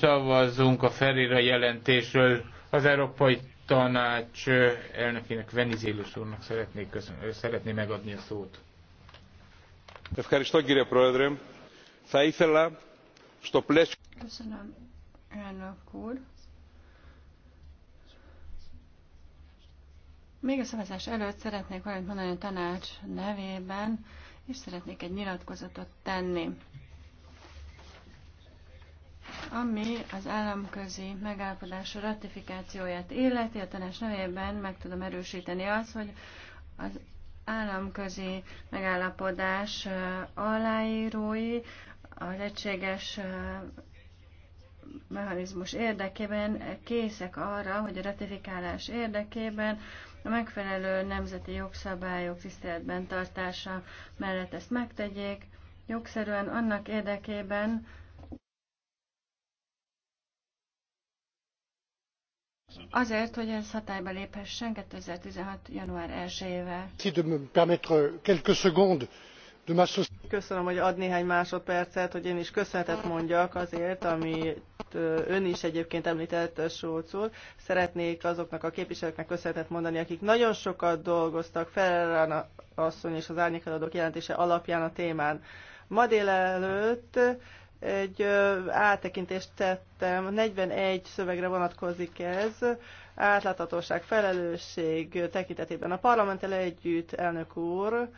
Szavazzunk a Ferira jelentésről. Az Európai Tanács elnökének Venizélus úrnak szeretnék, köszön- szeretné megadni a szót. Köszönöm, elnök úr. Még a szavazás előtt szeretnék valamit mondani a tanács nevében, és szeretnék egy nyilatkozatot tenni. Ami az államközi megállapodás ratifikációját illeti, a tanács nevében meg tudom erősíteni azt, hogy az államközi megállapodás aláírói az egységes mechanizmus érdekében készek arra, hogy a ratifikálás érdekében a megfelelő nemzeti jogszabályok tiszteletben tartása mellett ezt megtegyék, jogszerűen annak érdekében, Azért, hogy ez hatályba léphessen 2016. január 1-ével. Köszönöm, hogy ad néhány másodpercet, hogy én is köszönetet mondjak azért, amit ön is egyébként említett, Sulc úr. Szeretnék azoknak a képviselőknek köszönetet mondani, akik nagyon sokat dolgoztak fel asszony és az árnyékeladók jelentése alapján a témán. Ma délelőtt egy áttekintést tettem, 41 szövegre vonatkozik ez, átláthatóság, felelősség tekintetében. A parlamenttel együtt, elnök úr,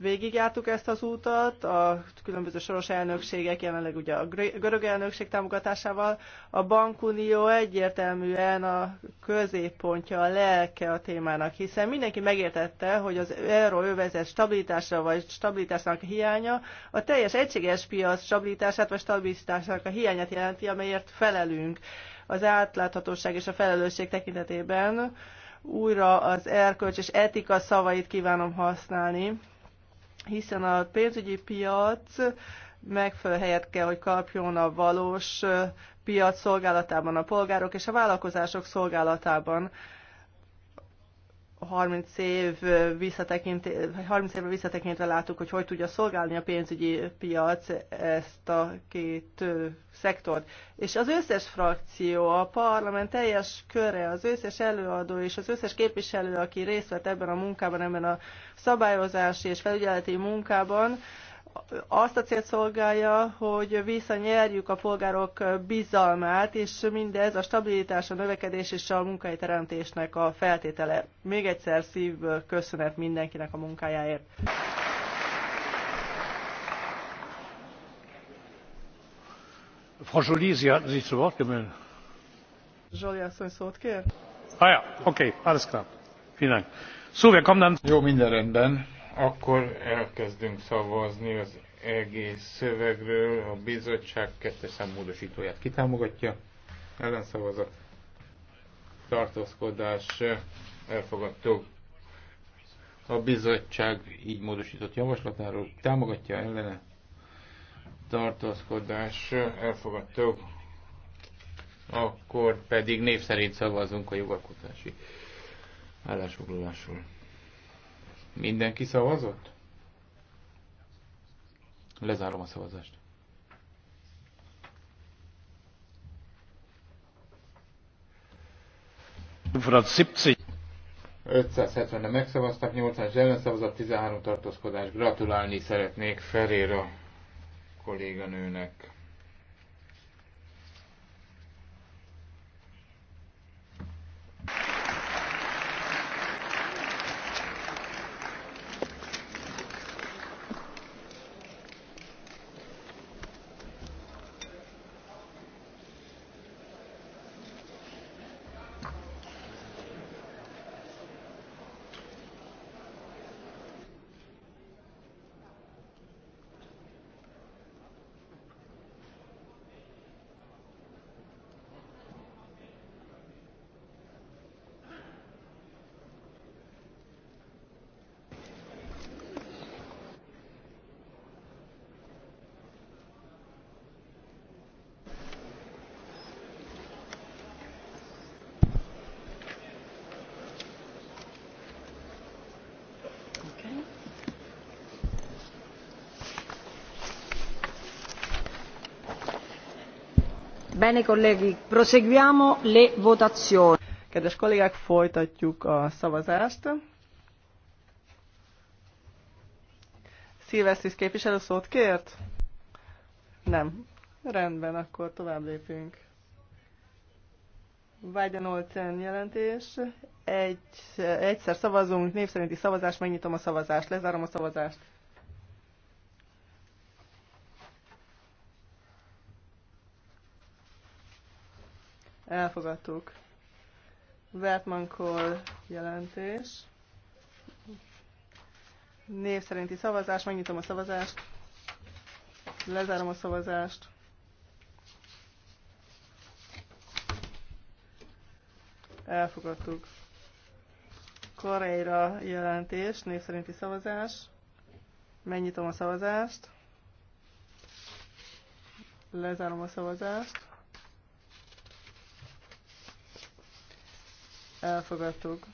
Végigjártuk ezt az útat, a különböző soros elnökségek, jelenleg ugye a görög elnökség támogatásával. A bankunió egyértelműen a középpontja, a lelke a témának, hiszen mindenki megértette, hogy az euróövezet stabilitásra vagy stabilitásnak a hiánya a teljes egységes piac stabilitását vagy stabilitásnak a hiányát jelenti, amelyért felelünk az átláthatóság és a felelősség tekintetében újra az erkölcs és etika szavait kívánom használni, hiszen a pénzügyi piac megfelelő helyet kell, hogy kapjon a valós piac szolgálatában, a polgárok és a vállalkozások szolgálatában. 30 év visszatekintve, 30 évre visszatekintve láttuk, hogy hogy tudja szolgálni a pénzügyi piac ezt a két szektort. És az összes frakció, a parlament teljes köre, az összes előadó és az összes képviselő, aki részt vett ebben a munkában, ebben a szabályozási és felügyeleti munkában, azt a célt szolgálja, hogy visszanyerjük a polgárok bizalmát, és mindez a stabilitás, a növekedés és a munkahelyteremtésnek a feltétele. Még egyszer szívből köszönet mindenkinek a munkájáért. Frau Sie zu Wort gemeldet. Jolie asszony szót kér? Ah ja, oké, okay, alles klar. Vielen Dank. So, wir kommen dann... Jó, minden rendben. Akkor elkezdünk szavazni az egész szövegről. A bizottság kettes módosítóját kitámogatja. Ellenszavazat. Tartózkodás. Elfogadtuk. A bizottság így módosított javaslatáról támogatja ellene. Tartózkodás. Elfogadtuk. Akkor pedig név szerint szavazunk a jogalkotási állásfoglalásról. Mindenki szavazott? Lezárom a szavazást. Ufrat 570-en megszavaztak, 80-as ellenszavazat, 13 tartózkodás. Gratulálni szeretnék Ferére kolléganőnek. Kedves kollégák, folytatjuk a szavazást. Szilvesztis képviselő szót kért? Nem. Rendben, akkor tovább lépünk. Vágyanolcen jelentés. Egy, egyszer szavazunk, név szerinti szavazás, megnyitom a szavazást, lezárom a szavazást. Elfogadtuk. Vertmankol jelentés. Név szerinti szavazás. Megnyitom a szavazást. Lezárom a szavazást. Elfogadtuk. Koreira jelentés, név szerinti szavazás. Megnyitom a szavazást. Lezárom a szavazást. elfogadtuk.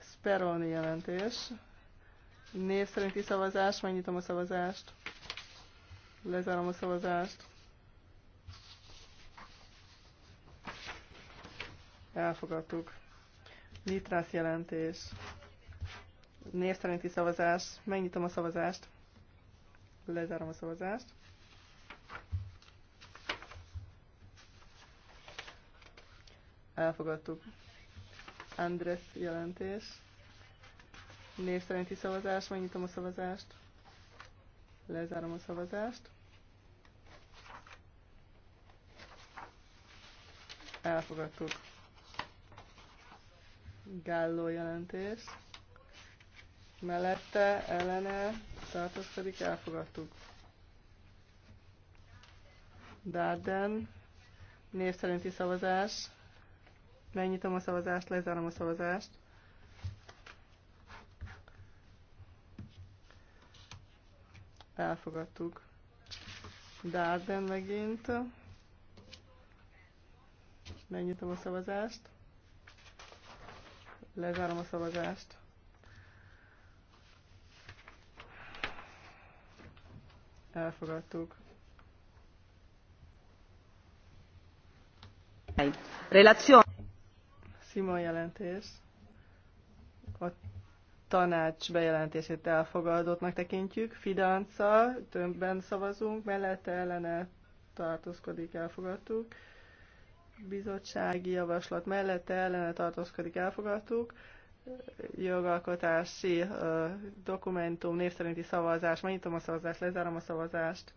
Speroni jelentés. Név szerinti szavazás, megnyitom a szavazást. Lezárom a szavazást. Elfogadtuk. Nitrász jelentés. Név szerinti szavazás. Megnyitom a szavazást. Lezárom a szavazást. Elfogadtuk. Andres jelentés. Név szerinti szavazás. Megnyitom a szavazást. Lezárom a szavazást. Elfogadtuk. Gálló jelentés. Mellette, ellene, tartózkodik, elfogadtuk. Darden, név szerinti szavazás. Megnyitom a szavazást, lezárom a szavazást. Elfogadtuk. Darden megint. Megnyitom a szavazást. Lezárom a szavazást. Elfogadtuk. Reláció. Sima jelentés a tanács bejelentését elfogadottnak tekintjük. Fidanca, többen szavazunk, mellette ellene tartózkodik, elfogadtuk. Bizottsági javaslat mellette ellene tartózkodik, elfogadtuk. Jogalkotási uh, dokumentum, név szerinti szavazás, megnyitom a szavazást, lezárom a szavazást.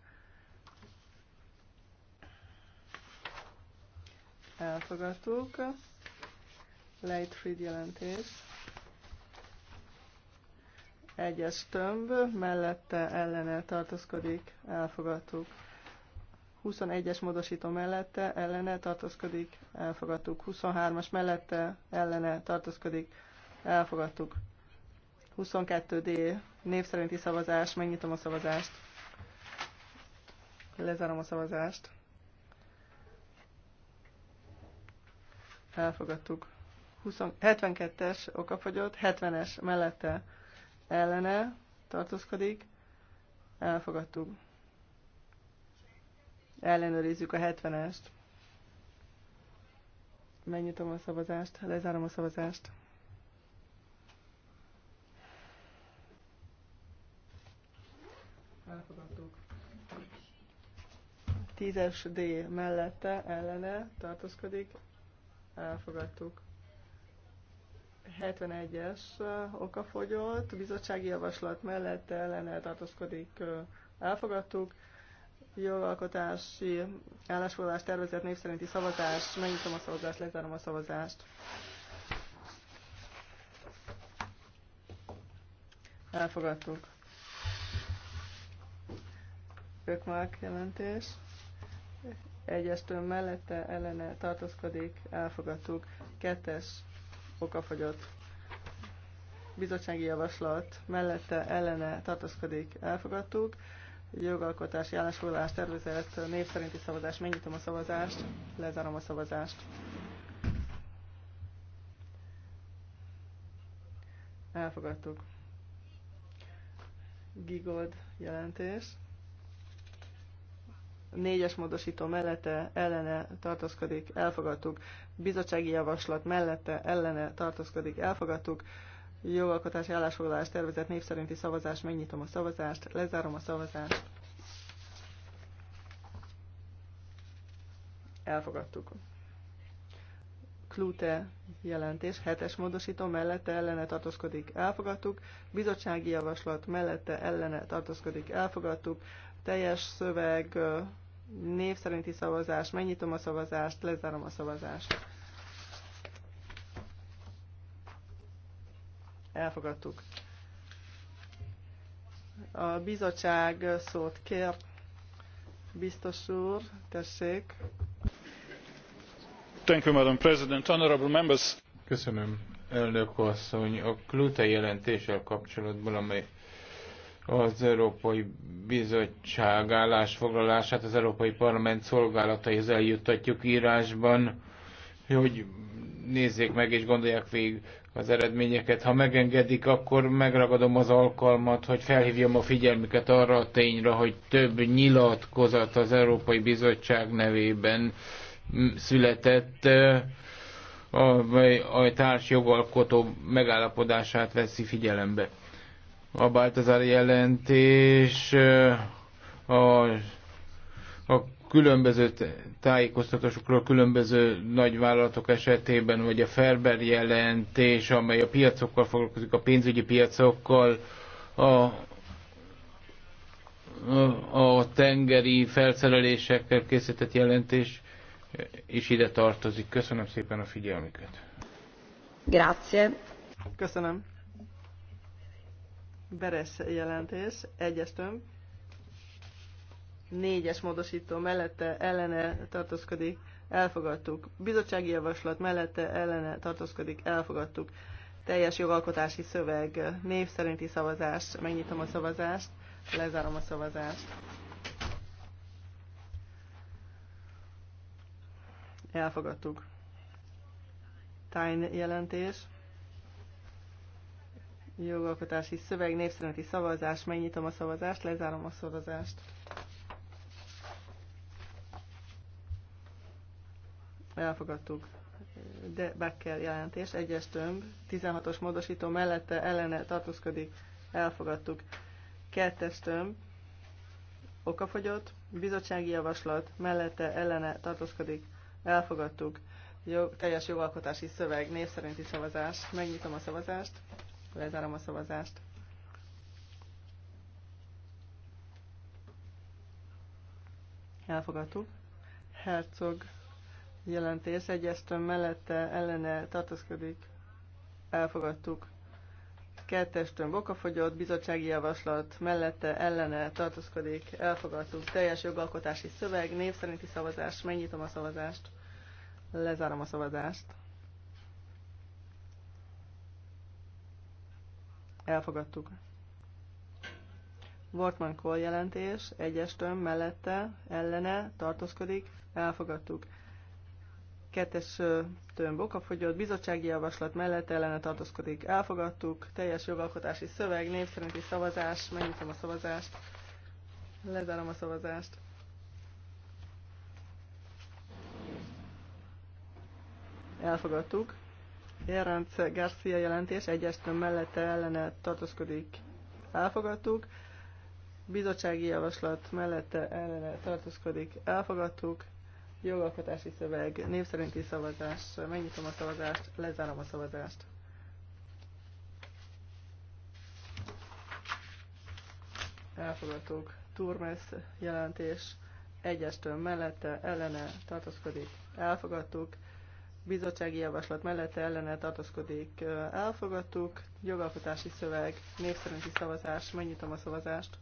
Elfogadtuk. Leitfried jelentés. Egyes tömb, mellette ellene tartozkodik elfogadtuk. 21-es módosító mellette ellene tartozkodik elfogadtuk. 23-as mellette ellene tartozkodik elfogadtuk. 22D név szerinti szavazás, megnyitom a szavazást. Lezárom a szavazást. Elfogadtuk. 72-es okafogyott, 70-es mellette ellene tartózkodik, elfogadtuk. Ellenőrizzük a 70-est. Megnyitom a szavazást, lezárom a szavazást. Elfogadtuk. 10-es D mellette ellene tartózkodik, elfogadtuk. 71-es uh, okafogyott, bizottsági javaslat mellett ellene tartózkodik, uh, elfogadtuk. Jogalkotási állásfoglalás tervezett név szerinti szavazás, megnyitom a szavazást, lezárom a szavazást. Elfogadtuk. Ökmark jelentés. Egyestől mellette ellene tartózkodik, elfogadtuk. Kettes okafogyott. Bizottsági javaslat mellette ellene tartozkodik elfogadtuk. Jogalkotási állásfoglalás tervezett név szerinti szavazás. Megnyitom a szavazást, lezárom a szavazást. Elfogadtuk. Gigold jelentés négyes módosító mellette ellene tartózkodik, elfogadtuk. Bizottsági javaslat mellette ellene tartózkodik, elfogadtuk. Jogalkotási állásfoglalás tervezett népszerinti szavazás, megnyitom a szavazást, lezárom a szavazást. Elfogadtuk. Klute jelentés, hetes módosító mellette ellene tartózkodik, elfogadtuk. Bizottsági javaslat mellette ellene tartózkodik, elfogadtuk teljes szöveg, név szerinti szavazás, megnyitom a szavazást, lezárom a szavazást. Elfogadtuk. A bizottság szót kér. Biztos úr, tessék. Thank you, Madam President. Honorable members. Köszönöm, elnök asszony. A Klute jelentéssel kapcsolatban, amely az Európai Bizottság állásfoglalását az Európai Parlament szolgálataihoz eljuttatjuk írásban, hogy nézzék meg és gondolják végig az eredményeket. Ha megengedik, akkor megragadom az alkalmat, hogy felhívjam a figyelmüket arra a tényre, hogy több nyilatkozat az Európai Bizottság nevében született, amely a társ jogalkotó megállapodását veszi figyelembe. A Baltazar jelentés a, a különböző tájékoztatásokról különböző nagyvállalatok esetében, vagy a Ferber jelentés, amely a piacokkal foglalkozik, a pénzügyi piacokkal, a, a tengeri felszerelésekkel készített jelentés is ide tartozik. Köszönöm szépen a figyelmüket. Grazie. Köszönöm. Beres jelentés, egyes tömb, négyes módosító mellette ellene tartózkodik, elfogadtuk. Bizottsági javaslat mellette ellene tartózkodik, elfogadtuk. Teljes jogalkotási szöveg, név szerinti szavazás, megnyitom a szavazást, lezárom a szavazást. Elfogadtuk. Tájn jelentés jogalkotási szöveg, népszerinti szavazás, megnyitom a szavazást, lezárom a szavazást. Elfogadtuk. De Becker jelentés, egyes tömb, 16-os módosító mellette ellene tartózkodik, elfogadtuk. Kettes tömb, okafogyott, bizottsági javaslat, mellette ellene tartózkodik, elfogadtuk. Jog, teljes jogalkotási szöveg, név szerinti szavazás, megnyitom a szavazást. Lezárom a szavazást. Elfogadtuk. Herzog jelentés egyestől mellette ellene tartozkodik. Elfogadtuk. Kettestől bokafogyott, bizottsági javaslat mellette ellene tartozkodik. Elfogadtuk. Teljes jogalkotási szöveg, név szerinti szavazás. Megnyitom a szavazást. Lezárom a szavazást. Elfogadtuk. Wortman Kohl jelentés, egyes mellette, ellene, tartózkodik, elfogadtuk. Kettes a okafogyott, bizottsági javaslat mellette, ellene tartozkodik. elfogadtuk. Teljes jogalkotási szöveg, népszerinti szavazás, megnyitom a szavazást, lezárom a szavazást. Elfogadtuk. Jeranc Garcia jelentés egyestől mellette ellene tartózkodik. Elfogadtuk. Bizottsági javaslat mellette ellene tartózkodik. Elfogadtuk. Jogalkotási szöveg, népszerinti szavazás, megnyitom a szavazást, lezárom a szavazást. Elfogadtuk. Turmes jelentés egyestől mellette ellene tartózkodik. Elfogadtuk bizottsági javaslat mellette ellene tartózkodik. Elfogadtuk. Jogalkotási szöveg, név szerinti szavazás. Megnyitom a szavazást.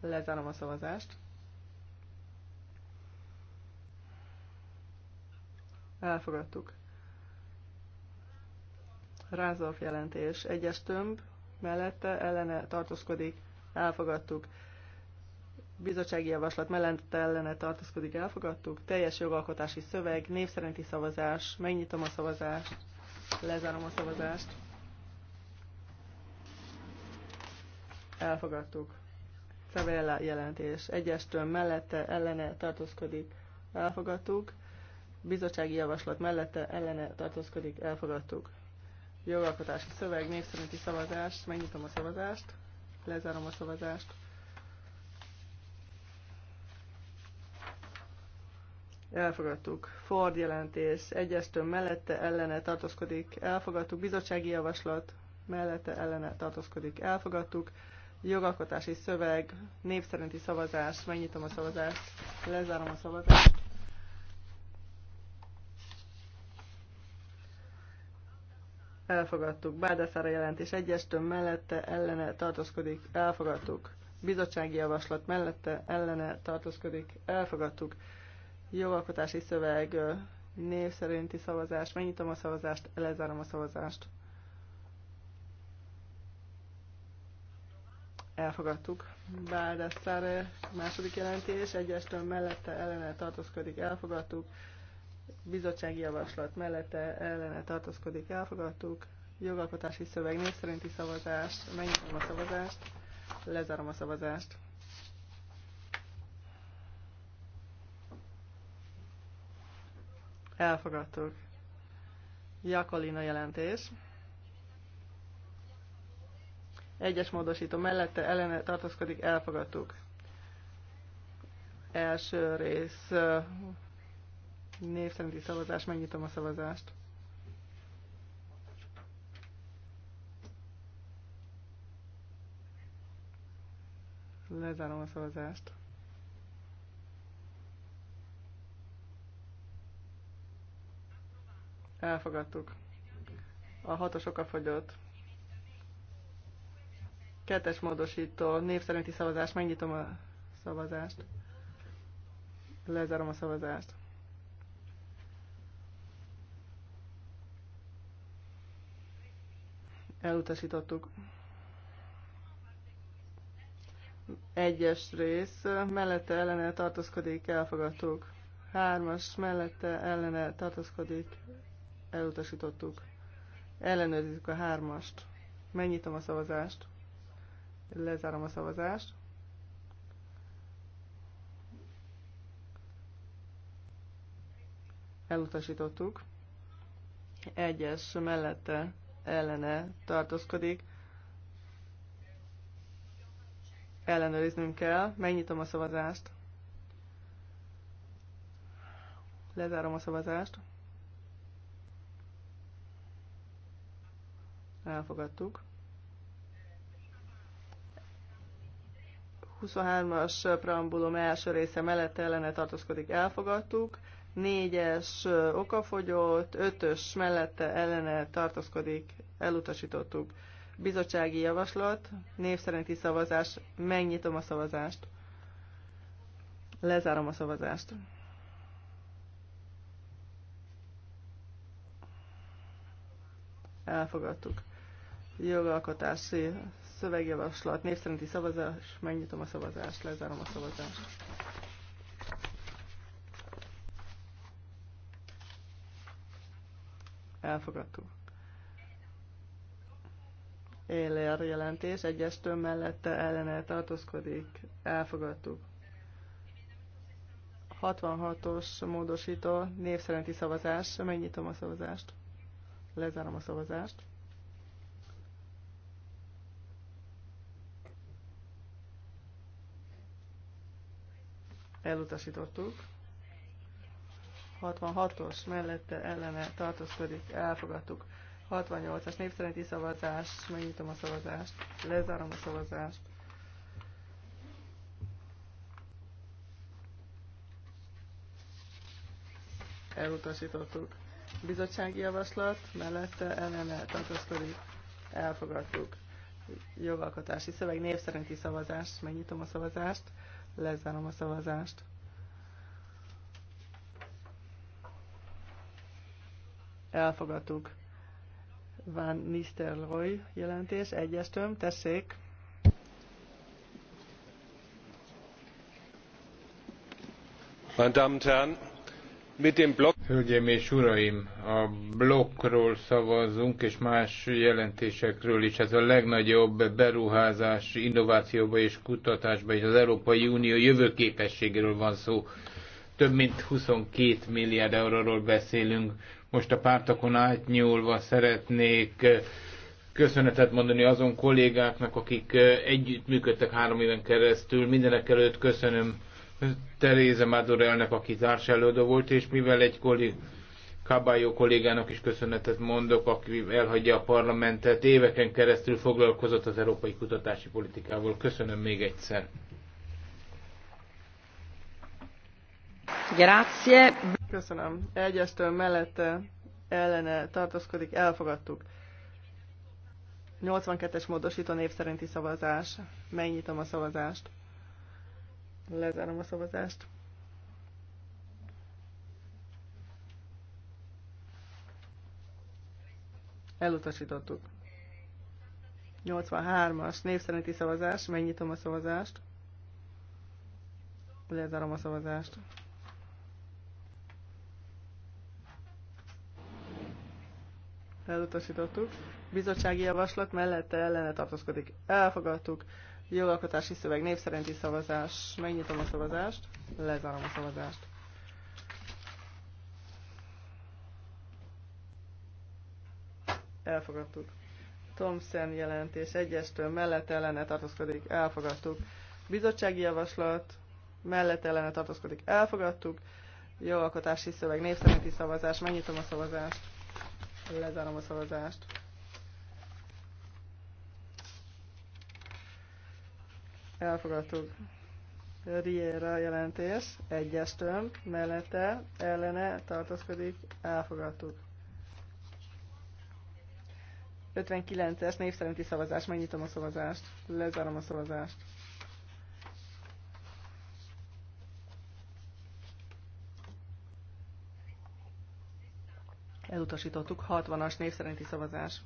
Lezárom a szavazást. Elfogadtuk. Rázolf jelentés. Egyes tömb mellette ellene tartózkodik. Elfogadtuk bizottsági javaslat mellett ellene tartózkodik, elfogadtuk. Teljes jogalkotási szöveg, név szerinti szavazás, megnyitom a szavazást, lezárom a szavazást. Elfogadtuk. Cavella jelentés. Egyestől mellette ellene tartózkodik, elfogadtuk. Bizottsági javaslat mellette ellene tartózkodik, elfogadtuk. Jogalkotási szöveg, név szerinti szavazás, megnyitom a szavazást, lezárom a szavazást. elfogadtuk. Ford jelentés, egyestől mellette ellene tartózkodik, elfogadtuk. Bizottsági javaslat, mellette ellene tartózkodik, elfogadtuk. Jogalkotási szöveg, népszerinti szavazás, megnyitom a szavazást, lezárom a szavazást. Elfogadtuk. Bárdeszára jelentés egyestől mellette ellene tartózkodik, elfogadtuk. Bizottsági javaslat mellette ellene tartózkodik, elfogadtuk jogalkotási szöveg név szerinti szavazás. Megnyitom a szavazást, lezárom a szavazást. Elfogadtuk. Báldászára második jelentés, egyestől mellette ellene tartozkodik. elfogadtuk. Bizottsági javaslat mellette ellene tartozkodik. elfogadtuk. Jogalkotási szöveg név szerinti szavazás. Megnyitom a szavazást, lezárom a szavazást. Elfogadtuk. Jakolina jelentés. Egyes módosító mellette ellene tartozkodik, elfogadtuk. Első rész név szerinti szavazás, megnyitom a szavazást. Lezárom a szavazást. Elfogadtuk. A hatos oka fogyott. Kettes módosító, név szerinti szavazás. Megnyitom a szavazást. Lezárom a szavazást. Elutasítottuk. Egyes rész, mellette ellene tartozkodik, elfogadtuk. Hármas mellette ellene tartozkodik elutasítottuk. Ellenőrizzük a hármast. Megnyitom a szavazást. Lezárom a szavazást. Elutasítottuk. Egyes mellette ellene tartózkodik. Ellenőriznünk kell. Megnyitom a szavazást. Lezárom a szavazást. elfogadtuk. 23-as preambulum első része mellett ellene tartózkodik, elfogadtuk. 4-es okafogyott, 5-ös mellette ellene tartózkodik, elutasítottuk. Bizottsági javaslat, név szerinti szavazás, megnyitom a szavazást. Lezárom a szavazást. elfogadtuk. Jogalkotási szövegjavaslat, név szerinti szavazás, megnyitom a szavazást, lezárom a szavazást. Elfogadtuk. Élér jelentés, egyes töm mellette ellene tartózkodik, elfogadtuk. 66-os módosító név szerinti szavazás, megnyitom a szavazást. Lezárom a szavazást. Elutasítottuk. 66-os mellette ellene tartózkodik, elfogadtuk. 68-as népszerinti szavazás, megnyitom a szavazást, lezárom a szavazást. Elutasítottuk bizottsági javaslat, mellette ellene tartózkodik, elfogadtuk. Jogalkotási szöveg név szerinti szavazás, megnyitom a szavazást, lezárom a szavazást. Elfogadtuk. Van Nisterloy jelentés, egyes töm, tessék. Meine Damen und Herren, Hölgyeim és uraim, a blokkról szavazunk, és más jelentésekről is. Ez a legnagyobb beruházás innovációba és kutatásba, és az Európai Unió jövőképességéről van szó. Több mint 22 milliárd euróról beszélünk. Most a pártokon átnyúlva szeretnék eh, köszönetet mondani azon kollégáknak, akik eh, együttműködtek három éven keresztül. Mindenek előtt köszönöm Teréza Madurelnek, aki társelődő volt, és mivel egy kollég, Kabályó kollégának is köszönetet mondok, aki elhagyja a parlamentet, éveken keresztül foglalkozott az európai kutatási politikával. Köszönöm még egyszer. Grazie. Köszönöm. Egyestől mellette ellene tartózkodik, elfogadtuk. 82-es módosító név szerinti szavazás. Megnyitom a szavazást. Lezárom a szavazást. Elutasítottuk. 83-as név szerinti szavazás. Megnyitom a szavazást. Lezárom a szavazást. Elutasítottuk. Bizottsági javaslat mellette ellene tartozkodik. Elfogadtuk jogalkotási szöveg név szerinti szavazás. Megnyitom a szavazást, lezárom a szavazást. Elfogadtuk. Thomson jelentés egyestől mellett ellene tartozkodik. elfogadtuk. Bizottsági javaslat mellett ellene tartozkodik. elfogadtuk. Jogalkotási szöveg név szerinti szavazás, megnyitom a szavazást, lezárom a szavazást. elfogadtuk. Riera jelentés, egyes mellette, ellene tartozkodik, elfogadtuk. 59-es név szerinti szavazás, megnyitom a szavazást, lezárom a szavazást. Elutasítottuk, 60-as név szerinti szavazás.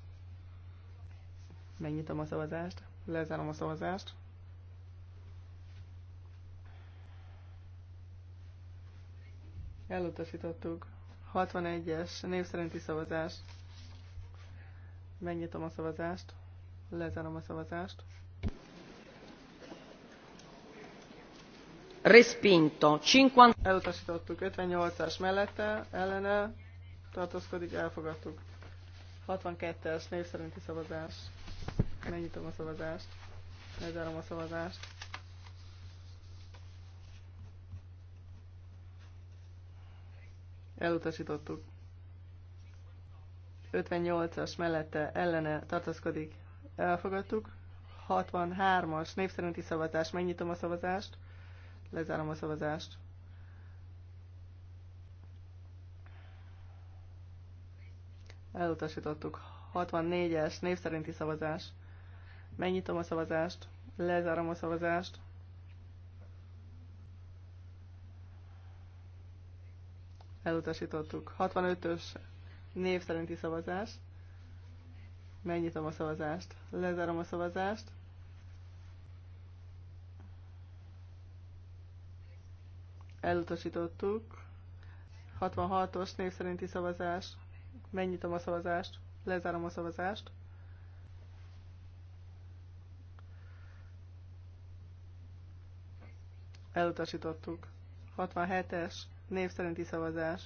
Megnyitom a szavazást, lezárom a szavazást. Elutasítottuk. 61-es név szerinti szavazás. Megnyitom a szavazást. Lezárom a szavazást. Respinto. 50... Elutasítottuk. 58-as mellette, ellene tartózkodik, elfogadtuk. 62-es név szerinti szavazás. Megnyitom a szavazást. Lezárom a szavazást. Elutasítottuk. 58-as mellette ellene tartaszkodik, Elfogadtuk. 63-as név szerinti szavazás. Megnyitom a szavazást. Lezárom a szavazást. Elutasítottuk. 64-es név szerinti szavazás. Megnyitom a szavazást. Lezárom a szavazást. Elutasítottuk. 65-ös név szerinti szavazás. Megnyitom a szavazást. Lezárom a szavazást. Elutasítottuk. 66-os név szerinti szavazás. Megnyitom a szavazást. Lezárom a szavazást. Elutasítottuk. 67-es Név szerinti szavazás.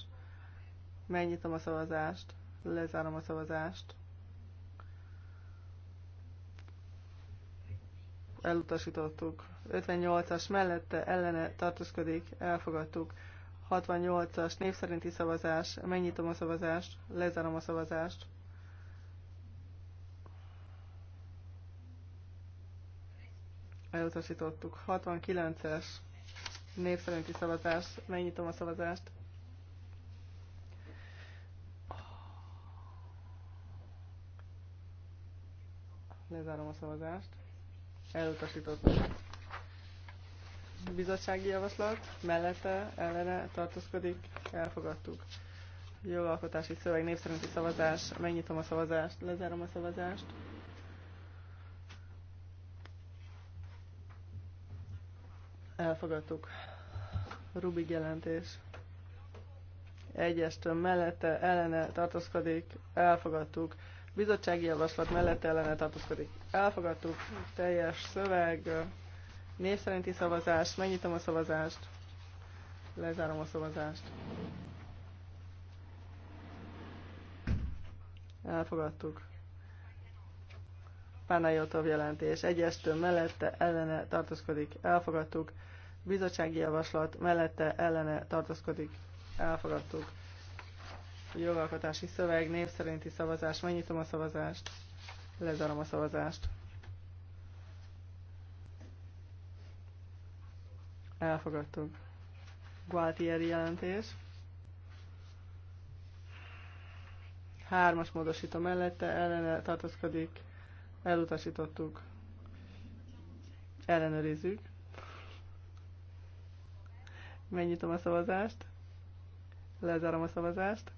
Megnyitom a szavazást. Lezárom a szavazást. Elutasítottuk. 58-as mellette ellene tartózkodik. Elfogadtuk. 68-as név szerinti szavazás. Megnyitom a szavazást. Lezárom a szavazást. Elutasítottuk. 69-es név szavazás. Megnyitom a szavazást. Lezárom a szavazást. elutasított Bizottsági javaslat, mellette, ellene tartózkodik, elfogadtuk. Jogalkotási szöveg, népszerinti szavazás, megnyitom a szavazást, lezárom a szavazást. Elfogadtuk. Rubik jelentés. Egyestől mellette ellene tartózkodik. Elfogadtuk. Bizottsági javaslat mellette ellene tartózkodik. Elfogadtuk. Teljes szöveg. Név szerinti szavazás. Megnyitom a szavazást. Lezárom a szavazást. Elfogadtuk. Pánajotov jelentés egyestől mellette ellene tartozkodik elfogadtuk. Bizottsági javaslat mellette ellene tartozkodik elfogadtuk. Jogalkotási szöveg, név szerinti szavazás, megnyitom a szavazást, lezárom a szavazást. Elfogadtuk. Gualtieri jelentés. Hármas módosító mellette ellene tartozkodik Elutasítottuk. Ellenőrizzük. Megnyitom a szavazást. Lezárom a szavazást.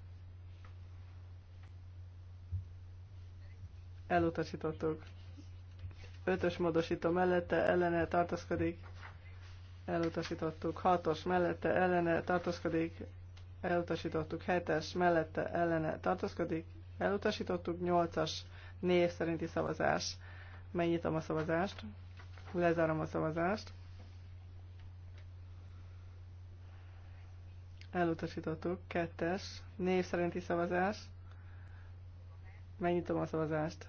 Elutasítottuk. Ötös módosító mellette ellene tartozkodik. Elutasítottuk. Hatos mellette ellene tartozkodik. Elutasítottuk. Hetes mellette ellene tartozkodik. Elutasítottuk. Nyolcas név szerinti szavazás. Megnyitom a szavazást, lezárom a szavazást. Elutasítottuk. Kettes, név szerinti szavazás. Megnyitom a szavazást.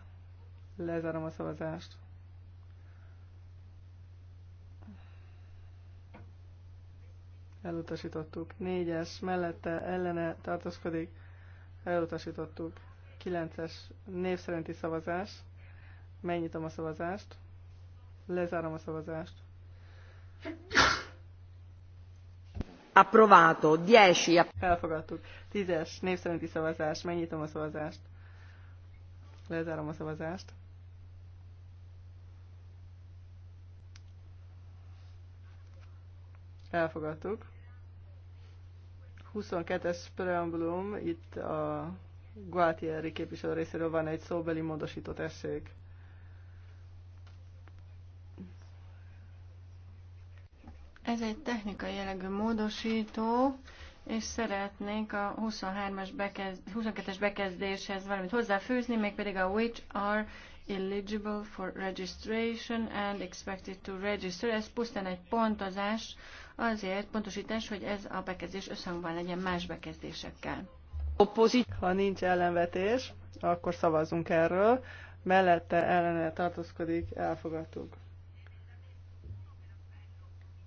Lezárom a szavazást. Elutasítottuk. Négyes, mellette, ellene tartózkodik. Elutasítottuk. 9-es név szerinti szavazás. Megnyitom a szavazást. Lezárom a szavazást. Approvato. 10. Elfogadtuk. 10-es név szerinti szavazás. Megnyitom a szavazást. Lezárom a szavazást. Elfogadtuk. 22-es preambulum, itt a Gualtieri képviselő részéről van egy szóbeli módosított tessék. Ez egy technikai jellegű módosító, és szeretnék a 23-as bekezd, 22-es bekezdéshez valamit hozzáfűzni, mégpedig a which are eligible for registration and expected to register. Ez pusztán egy pontozás, azért pontosítás, hogy ez a bekezdés összhangban legyen más bekezdésekkel. Ha nincs ellenvetés, akkor szavazunk erről. Mellette ellene tartózkodik, elfogadtuk.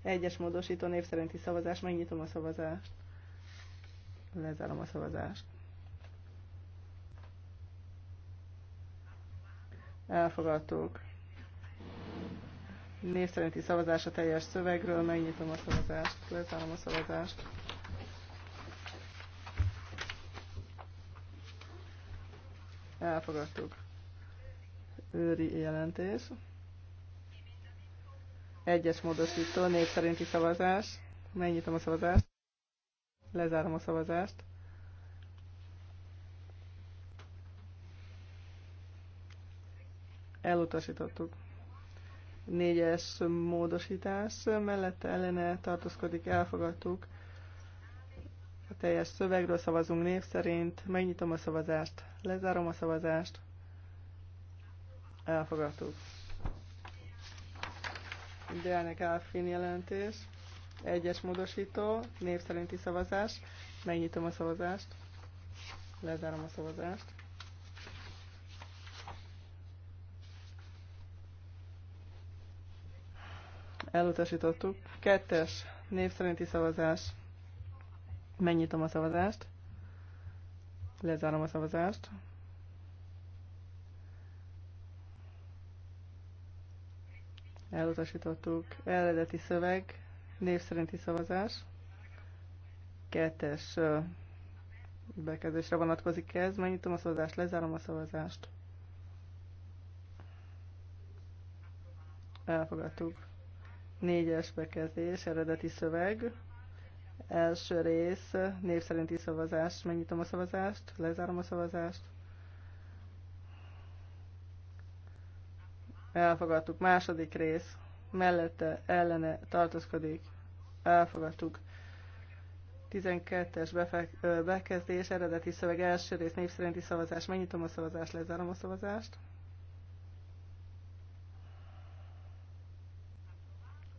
Egyes módosító név szerinti szavazás, megnyitom a szavazást. Lezárom a szavazást. Elfogadtuk. Név szerinti szavazás a teljes szövegről, megnyitom a szavazást, lezárom a szavazást. Elfogadtuk. Őri jelentés. Egyes módosító, név szerinti szavazás. Megnyitom a szavazást. Lezárom a szavazást. Elutasítottuk. Négyes módosítás mellette ellene tartózkodik, elfogadtuk. A teljes szövegről szavazunk név szerint. Megnyitom a szavazást, lezárom a szavazást. Elfogadtuk. Gyernek Alfin jelentés. Egyes módosító, név szerinti szavazás. Megnyitom a szavazást. Lezárom a szavazást. Elutasítottuk. Kettes, név szerinti szavazás. Megnyitom a szavazást. Lezárom a szavazást. Elutasítottuk. Eredeti szöveg, név szerinti szavazás. Kettes bekezdésre vonatkozik ez. Megnyitom a szavazást, lezárom a szavazást. Elfogadtuk. Négyes bekezdés, eredeti szöveg Első rész, név szerinti szavazás. Megnyitom a szavazást, lezárom a szavazást. Elfogadtuk. Második rész, mellette, ellene tartozkodik Elfogadtuk. 12-es bekezdés, eredeti szöveg első rész, név szerinti szavazás. Megnyitom a szavazást, lezárom a szavazást.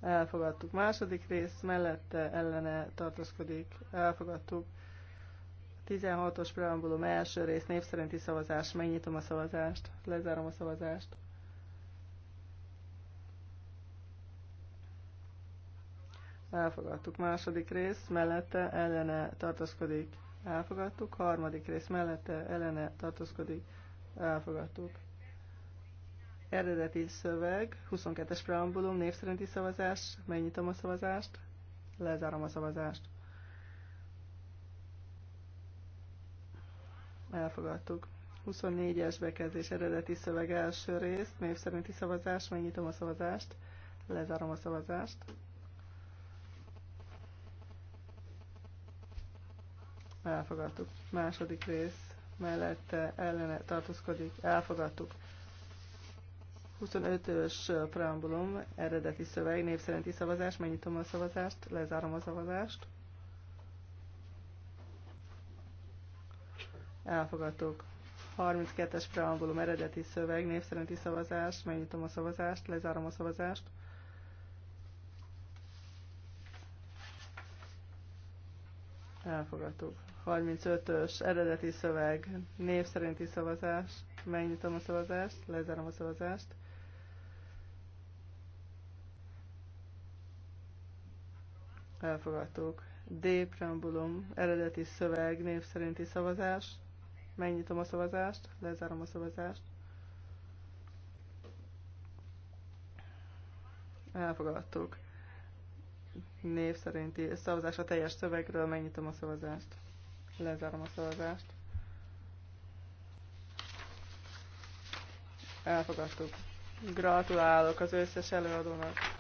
elfogadtuk. Második rész mellette ellene tartózkodik, elfogadtuk. 16-os preambulum első rész népszerinti szavazás. Megnyitom a szavazást, lezárom a szavazást. Elfogadtuk. Második rész mellette ellene tartózkodik. Elfogadtuk. Harmadik rész mellette ellene tartózkodik. Elfogadtuk. Eredeti szöveg, 22-es preambulum, név szerinti szavazás, megnyitom a szavazást, lezárom a szavazást. Elfogadtuk. 24-es bekezdés eredeti szöveg első rész, név szerinti szavazás, megnyitom a szavazást, lezárom a szavazást. Elfogadtuk. Második rész mellette ellene tartózkodik, elfogadtuk. 25-ös preambulum, eredeti szöveg, népszerinti szavazás, megnyitom a szavazást, lezárom a szavazást. Elfogadtuk. 32-es preambulum, eredeti szöveg, népszerinti szavazás, megnyitom a szavazást, lezárom a szavazást. Elfogadtuk. 35-ös eredeti szöveg, név szerinti szavazás, megnyitom a szavazást, lezárom a szavazást. Elfogadtuk. D. Preambulum. Eredeti szöveg. Név szerinti szavazás. Megnyitom a szavazást. Lezárom a szavazást. Elfogadtuk. Név szerinti szavazás a teljes szövegről. Megnyitom a szavazást. Lezárom a szavazást. Elfogadtuk. Gratulálok az összes előadónak.